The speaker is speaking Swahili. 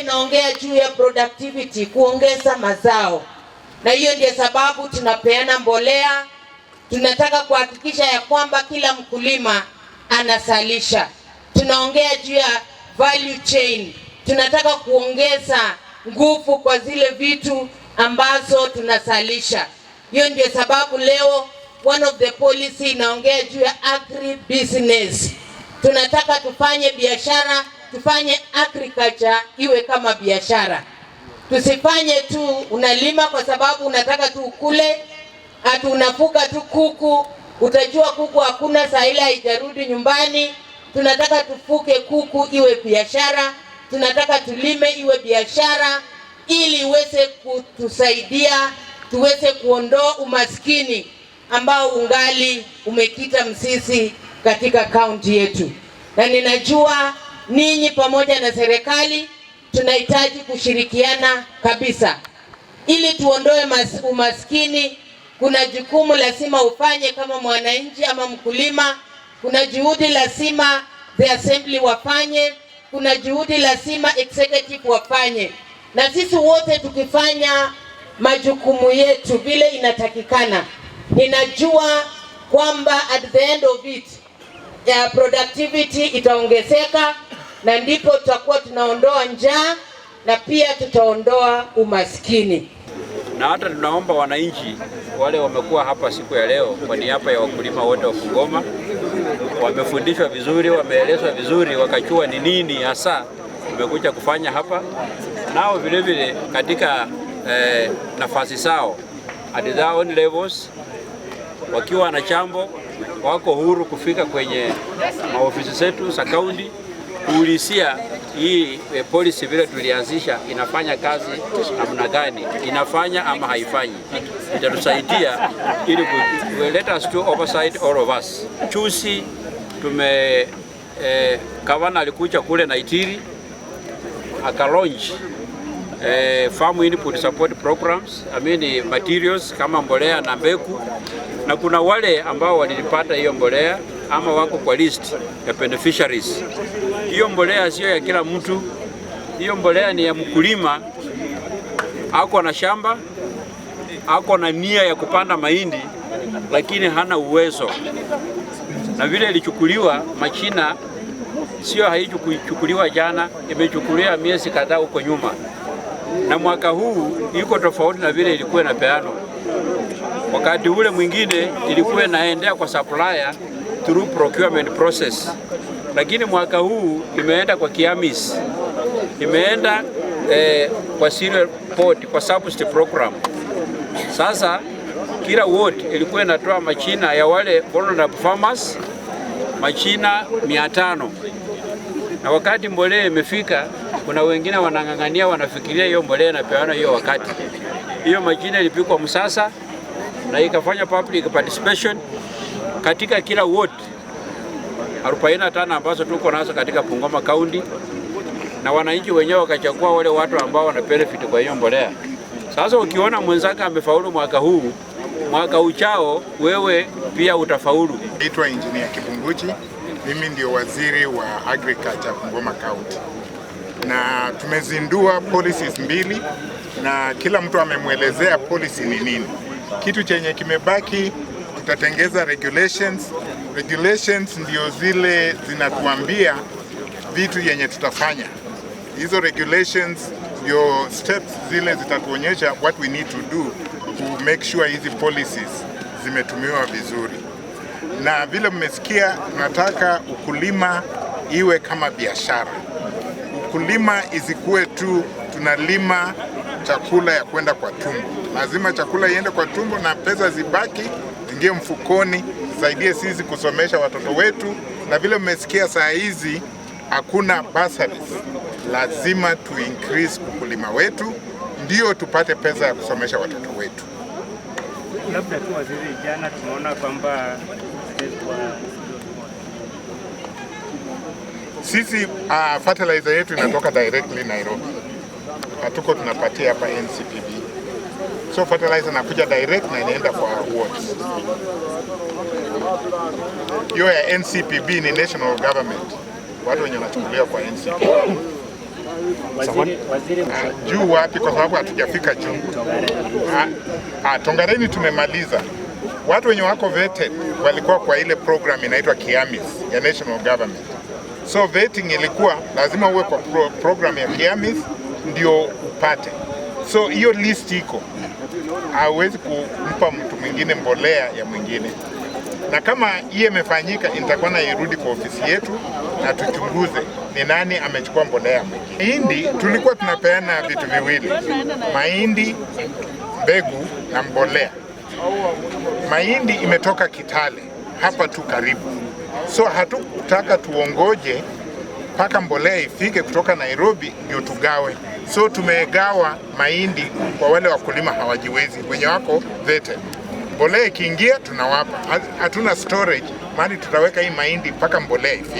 Inaongea juu ya productivity kuongeza mazao, na hiyo ndio sababu tunapeana mbolea. Tunataka kuhakikisha ya kwamba kila mkulima anazalisha. Tunaongea juu ya value chain, tunataka kuongeza nguvu kwa zile vitu ambazo tunazalisha. Hiyo ndio sababu leo one of the policy inaongea juu ya agri business. Tunataka tufanye biashara, tufanye agriculture iwe kama biashara, tusifanye tu unalima kwa sababu unataka tu ukule, hatu unafuga tu kuku. Utajua kuku hakuna saa ile haijarudi nyumbani. Tunataka tufuke kuku iwe biashara, tunataka tulime iwe biashara, ili iweze kutusaidia tuweze kuondoa umaskini ambao ungali umekita msisi katika kaunti yetu, na ninajua ninyi pamoja na serikali tunahitaji kushirikiana kabisa ili tuondoe mas, umaskini. Kuna jukumu lazima ufanye kama mwananchi ama mkulima, kuna juhudi lazima the assembly wafanye, kuna juhudi lazima executive wafanye, na sisi wote tukifanya majukumu yetu vile inatakikana ninajua kwamba at the end of it ya productivity itaongezeka, na ndipo tutakuwa tunaondoa njaa na pia tutaondoa umaskini. Na hata tunaomba wananchi wale wamekuwa hapa siku ya leo kwa niaba ya wakulima wote wa Bungoma, wamefundishwa vizuri, wameelezwa vizuri, wakachua ni nini hasa umekuja kufanya hapa, nao vilevile katika eh, nafasi zao at their own levels wakiwa na chambo wako huru kufika kwenye maofisi zetu za kaunti kuulizia hii e, eh, polisi vile tulianzisha inafanya kazi namna gani, inafanya ama haifanyi. Itatusaidia ili let us to oversight all of us. Chusi tume e, kavana alikuja kule Naitiri itiri akalonji eh, farm input support programs, I mean materials kama mbolea na mbegu, na kuna wale ambao walipata hiyo mbolea ama wako kwa list ya beneficiaries. Hiyo mbolea sio ya kila mtu, hiyo mbolea ni ya mkulima, ako na shamba, ako na nia ya kupanda mahindi, lakini hana uwezo. Na vile ilichukuliwa machina, sio haichukuliwa jana, imechukuliwa miezi kadhaa huko nyuma na mwaka huu iko tofauti na vile ilikuwa inapeanwa wakati ule. Mwingine ilikuwa inaendea kwa supplier through procurement process, lakini mwaka huu imeenda kwa kiamis, imeenda eh, kwa serial port, kwa subsidy program. Sasa kila ward ilikuwa inatoa machina ya wale vulnerable farmers machina 500 na wakati mbolea imefika kuna wengine wanang'ang'ania, wanafikiria hiyo mbolea inapewana hiyo wakati. Hiyo majina ilipikwa Msasa na ikafanya public participation katika kila ward 45 ambazo tuko nazo katika Bungoma County, na wananchi wenyewe wakachagua wale watu ambao wana benefit kwa hiyo mbolea. Sasa ukiona mwenzako amefaulu mwaka huu, mwaka uchao wewe pia utafaulu. Naitwa Engineer Kibunguchi, mimi ndio waziri wa agriculture Bungoma County na tumezindua policies mbili na kila mtu amemwelezea policy ni nini. Kitu chenye kimebaki tutatengeza regulations. Regulations ndio zile zinatuambia vitu yenye tutafanya. Hizo regulations ndio steps zile zitatuonyesha what we need to do to make sure hizi policies zimetumiwa vizuri. Na vile mmesikia, tunataka ukulima iwe kama biashara kulima isikuwe tu tunalima chakula ya kwenda kwa tumbo. Lazima chakula iende kwa tumbo na pesa zibaki ingie mfukoni, saidie sisi kusomesha watoto wetu. Na vile mmesikia saa hizi hakuna bursaries, lazima tu increase ukulima wetu ndio tupate pesa ya kusomesha watoto wetu. Labda tu waziri, jana tumeona kwamba sisi uh, fertilizer yetu inatoka directly Nairobi, hatuko tunapatia hapa NCPB. So fertilizer nakuja direct na inaenda kwa wards. Hiyo ya NCPB ni national government, watu wenye wanachukulia kwa NCPB Uh, ah, juu wapi? Kwa sababu hatujafika juu. Uh, ah, uh, Tongareni tumemaliza. Watu wenye wako vetted walikuwa kwa ile program inaitwa Kiamis ya national government So vetting ilikuwa lazima uwe kwa pro, program ya KIAMIS ndio upate. So hiyo list iko, hawezi kumpa mtu mwingine mbolea ya mwingine, na kama hiyo imefanyika, nitakuwa na irudi kwa ofisi yetu na tuchunguze ni nani amechukua mbolea mwingine. Mahindi tulikuwa tunapeana vitu viwili, mahindi mbegu na mbolea. Mahindi imetoka Kitale hapa tu karibu, so hatukutaka tuongoje mpaka mbolea ifike kutoka Nairobi ndio tugawe. So tumegawa mahindi kwa wale wakulima hawajiwezi, wenye wako vete. Mbolea ikiingia tunawapa, hatuna storage mahali tutaweka hii mahindi mpaka mbolea ifike.